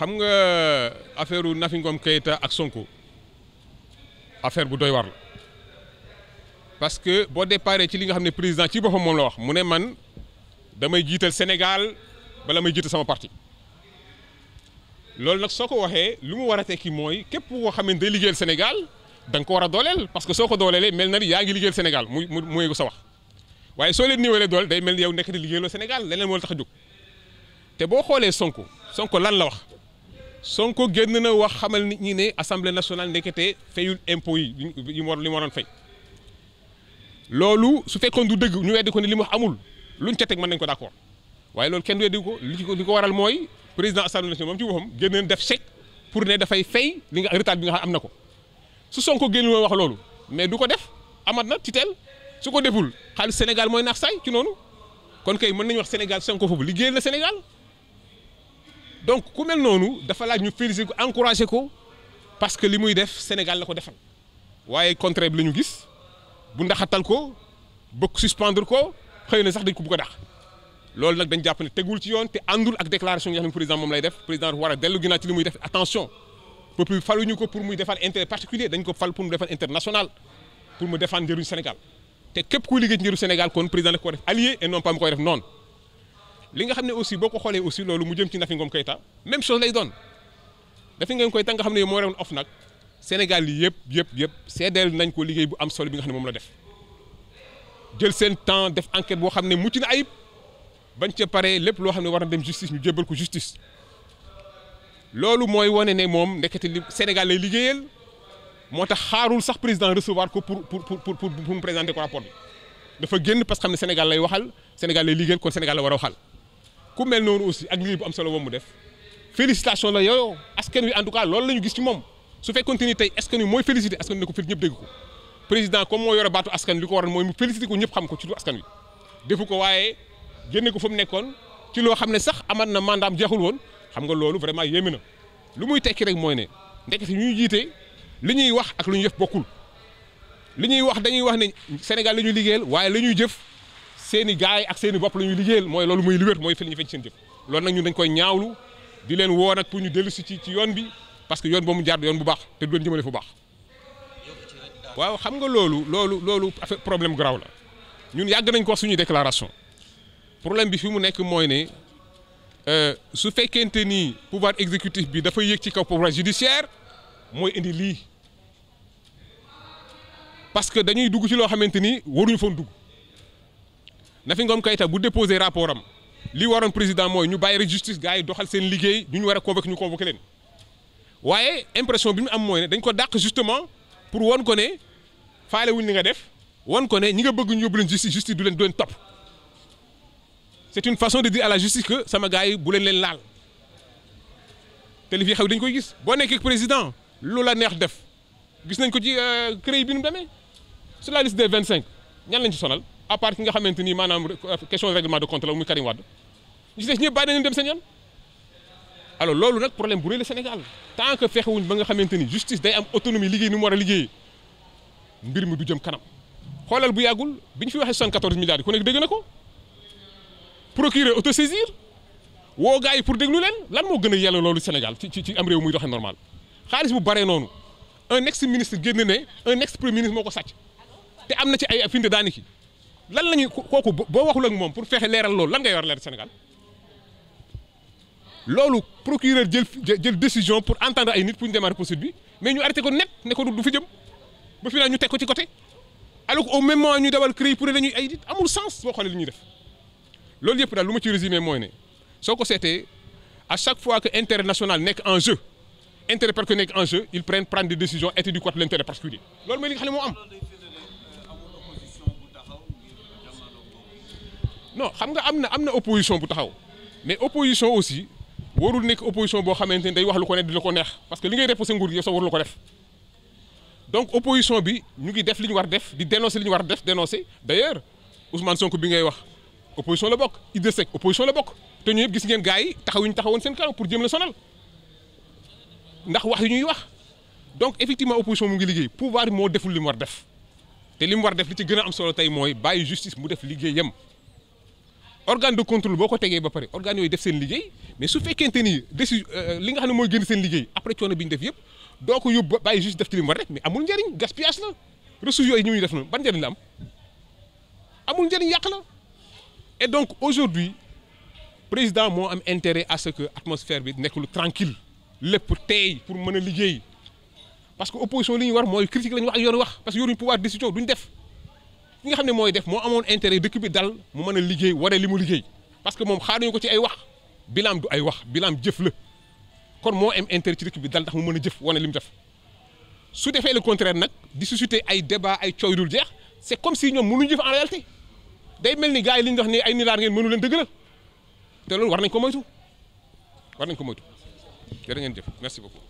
xam nga affaire u Nafi Ngom Keïta ak Sonko affaire bu doy war la parce que boo déparé ci li nga xam ne président ci boppam moom la wax mu ne man damay jiital Sénégal bala may jiital sama parti loolu nag soo ko waxee lu mu war a tekki mooy képp koo xam ne day liggéeyal Sénégal da nga ko war a dooleel parce que soo ko dooleelee mel na ni yaa ngi liggéeyal Sénégal muy mu ko sa wax waaye soo leen niwelee doole day mel ni yow nekk di liggéeyaloo Sénégal leneen moo la tax a jóg te boo xoolee Sonko Sonko lan la wax. Sonko génn na wax xamal nit ñi ne assemblée nationale ndekete fayul impôt yi li mu waroon fay loolu su fekkoon du dëgg ñu weddi ko ne li mu wax amul ñu ca teg mën nañ ko d' accord waaye loolu kenn weddi ko li ko ko waral mooy président assemblée nationale moom ci boppam génn na def chèque pour ne dafay fay li nga retard bi nga xam am na ko su Sonko génn woon wax loolu mais du ko def amat na titel su ko deful xaalis Sénégal mooy naax saay ci noonu kon kay mën nañu wax Sénégal Sonko foofu liggéeyal Sénégal. donc ku mel noonu dafa laaj ñu féliciter ko encourager ko parce que li muy def Sénégal la ko defal waaye contraire bi la ñu gis bu ndaxatal ko bëgg suspendre ko xëy na sax dañ ko bëgg a dàq loolu nag dañ jàpp tegul ci yoon te àndul ak déclaration président moom lay def président war a dellu ginnaaw ci li muy def attention peuple faluñu ko pour muy defal inter particulier dañ ko fal pour mu defal international pour mu défendre njëriñu Sénégal te képp kuy liggéey ci njëriñu Sénégal kon président da ko def allié et non pas mu li nga xam ne aussi boo ko xoolee aussi loolu mu jëm ci Nafi Ngom Keïta même chose lay doon Nafi Ngom Keïta nga xam ne yow moo rewoon OFNAC Sénégal yi yëpp yëpp yëpp seedeel nañ ko liggéey bu am solo bi nga xam ne moom la def jël seen temps def enquête boo xam ne mucc na ayib bañ ca pare lépp loo xam ne war na dem justice ñu jébbal ko justice loolu mooy wane ne moom ndekete li Sénégal lay liggéeyal moo tax xaarul sax président recevoir ko pour pour pour pour mu présenter ko rapport bi dafa que ne Sénégal lay waxal Sénégal lay liggéeyal Sénégal war a ku mel noonu aussi ak liggéey bu am solo moom mu def félicitation la yooyu askan wi en tout cas loolu la ñu gis ci moom su fekkoon te ni tey askan wi mooy félicité askan wi ne ko fii moo yore baatu askan li ko waral mooy mu félicité ko ñëpp xam ko ci lu askan wi. defu ko waaye génne ko fa mu nekkoon ci loo xam ne sax amat na mandaam jeexul woon xam nga loolu vraiment yéeme na lu muy tekki rek mooy ne ndekete ñu jiite li ñuy wax ak lu ñu yef bokkul li ñuy wax dañuy wax ne Sénégal la ñuy liggéeyal waaye la ñuy jëf. seen i yi ak seen bopp la ñuy liggéeyal mooy loolu muy liwét mooy fi la ñu feeñ seen jëf loolu nag ñun dañ koy ñaawlu di leen woo nag pour ñu dellu si ci yoon bi parce que yoon boobu mu jaar yoon bu baax te du leen jëmale fu baax waaw xam nga loolu loolu loolu affaire problème grave la ñun yàgg nañ ko wax suñuy déclaration problème bi fi mu nekk mooy ne euh, su fekkente ni pouvoir exécutif bi dafay yéeg ci kaw pouvoir judiciaire mooy indi lii parce que dañuy dugg ci loo xamante ni waruñu foon dugg Nafi Ngom Keïta bu déposé rapport am li waroon président mooy ñu bàyyi rek justice gars yi doxal seen liggéey ñu ñu war a convoqué ñu convoqué leen waaye impression bi mu am mooy ne dañ ko dàq justement pour won ko ne faale wuñ li nga def won ko ne ñi nga bëgg ñu yóbbu leen justice justice du leen du leen topp c'est une façon de dire à la justice que sama gars yi bu leen leen laal te dañ koy gis boo nekkee président lu la neex def gis nañ ko ci euh, CREI bi nu demee la liste des vingt cinq ñan lañ ci sonal. à part ki nga xamante ni maanaam question règlement de compte la muy Karim Wade ñu des ñëpp bàyyi dem seen yoon loolu nag problème bu rëy la Sénégal tant que fexewuñ ba nga xamante ni justice day am autonomie liggéey ni mu war a liggéey mbir mi du jëm kanam xoolal bu yàggul bi ñu fi waxee 74 milliards yi ku nekk dégg na ko procurer auto woo gars yi pour déglu leen lan moo gën a yàlla loolu Sénégal ci ci am réew muy doxee normal xaalis bu baree noonu un ex ministre génn ne un ex moo ko sàcc te am na ci ay firnde daani ki lan la ñuy kooku boo waxul ak moom pour fexe leeral loolu lan ngay war leer Sénégal loolu procureur jël jël décision pour entendre ay nit pour ñu démarrer poursuite mais ñu arrêté ko net ne ko du fi jëm ba ñu tek ko ci côté alors que au même moment ñu dawal CREI pour ne lañuy ay nit amul sens boo xoolee li ñuy def loolu yëpp daal lu ma ci résumé mooy ne soo ko seetee à chaque fois que intérêt national nekk en jeu intérêt parce que nekk en jeu moo am. non xam nga am na am na opposition bu taxaw mais opposition aussi warul nekk opposition boo xamante ni day wax lu ko ne di la ko neex parce que li ngay reposé nguur gi yow sax warul ko def donc opposition bi ñu ngi def li ñu war def di dénoncer li ñu war def dénoncer d'ailleurs Ousmane Sonko bi ngay wax opposition la bokk Idrissa Seck opposition la bokk te ñu yëpp gis ngeen gars yi taxaw ñu taxawoon seen kanam pour jëm la sonal ndax wax yu ñuy wax donc effectivement opposition mu ngi liggéey pouvoir moo deful li mu war def te li mu ci gën am solo tey mooy bàyyi justice mu def liggéeyam. organe de contrôle boo ko tegee ba pare organes yooyu def seen liggéey mais su fekkente ni décision euh, li nga xam ne mooy génn seen liggéey après coono bi ñu def yëpp doo ko yóbbu bàyyi juste def ci li mu war rek mais amul la def noonu ban njëriñ am amul njëriñ yàq la et donc aujourd'hui président moo am intérêt à ce que atmosphère bi nekkul lu tranquille lépp teey pour mën a liggéey parce que opposition li ñu war mooy critique la ñu wax ak yoon wax parce que yoruñu pouvoir décision def ki nga xam ne mooy def moo amoon intérêt dëkk bi dal mu mën a liggéey waree li mu liggéey parce que moom xaaruñu ko ci ay wax bilaam du ay wax bilaam jëf la kon moo am intérêt ci dëkk bi dal tax mu mën a jëf wane li mu def su defee le contraire nag di susciter ay débat ay coow dul jeex c' est comme si ñoom mu mënuñu jëf en réalité day mel ni gars yi li ñu wax ni ay nilaar ngeen mënu leen dëgg la te loolu war nañ ko moytu war nañ ko moytu jërë ngeen jëf merci beaucoup.